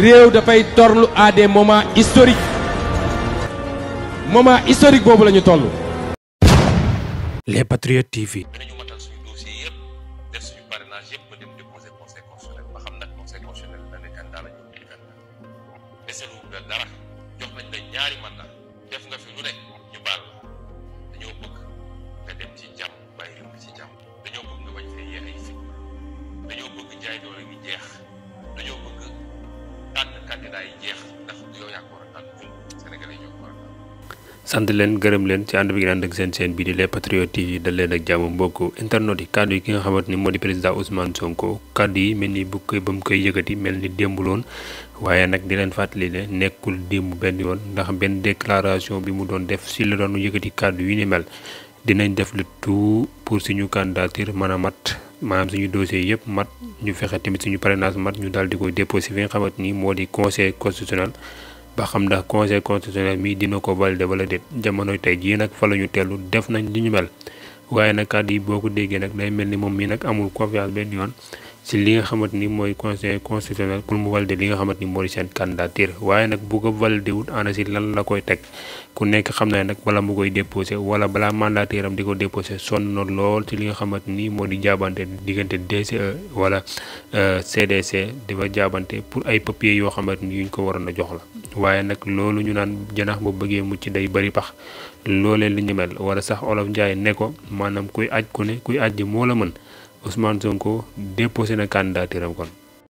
réew dafay torlu à des moments historiques moment historique boobu lañu ñu toll. les patriotes TV. dinañu matal suñu dossier yëpp def suñu parrainage yëpp ba dem déposer conseil constitutionnel ba nag conseil constitutionnel dana ne candidat la ñu def dara jox nañ la ñaari mandat. sant leen gërëm leen ci ànd bi ngeen ànd ak seen seen bii di les patriotes yi dal leen ak jàmm mbokk internet yi kàddu yi ki nga xamante ni moo di président Ousmane Sonko kàddu yi mel ni bu ba mu koy yëkkati mel ni démbuloon waaye nag di leen fàttali ne nekkul démb benn yoon ndax benn déclaration bi mu doon def si la doon yëkkati kàddu yu ni mel dinañ def le pour suñu candidature mën a mat maanaam suñu dossier yëpp mat ñu fexe tamit suñu parrainage mat ñu daal di koy déposé fi nga xamante ni moo di conseil constitutionnel. ba xam ndax conseil constitutionnel mi dina ko validé wala déet jamonoy tey jii nag fa la ñu tellu def nañ li ñu mel waaye nag kàddu yi boo ko déggee nag day mel ni moom mii nag amul confiance benn yoon. si li nga xamante ni mooy conseil constitutionnel pour mu valider li nga xamante ni moo di seen candidature waaye nag bu ko valider wut ana si lan la koy teg ku nekk xam na nag bala mu koy déposé wala balaa mandataire am di ko déposé sonn lool ci li nga xamante ni moo di jaabante diggante DCE wala CDC euh, dafa jaabante pour ay papiers yoo xamante ni yuñ ko waroon a jox la waaye nag loolu ñu naan janax bu bëggee mucc day bari pax loolee li ñu mel wala sax olof njaay ne ko maanaam kuy aj ku ne kuy aj ji la mën Ousmane Sonko déposé na candidature am kon.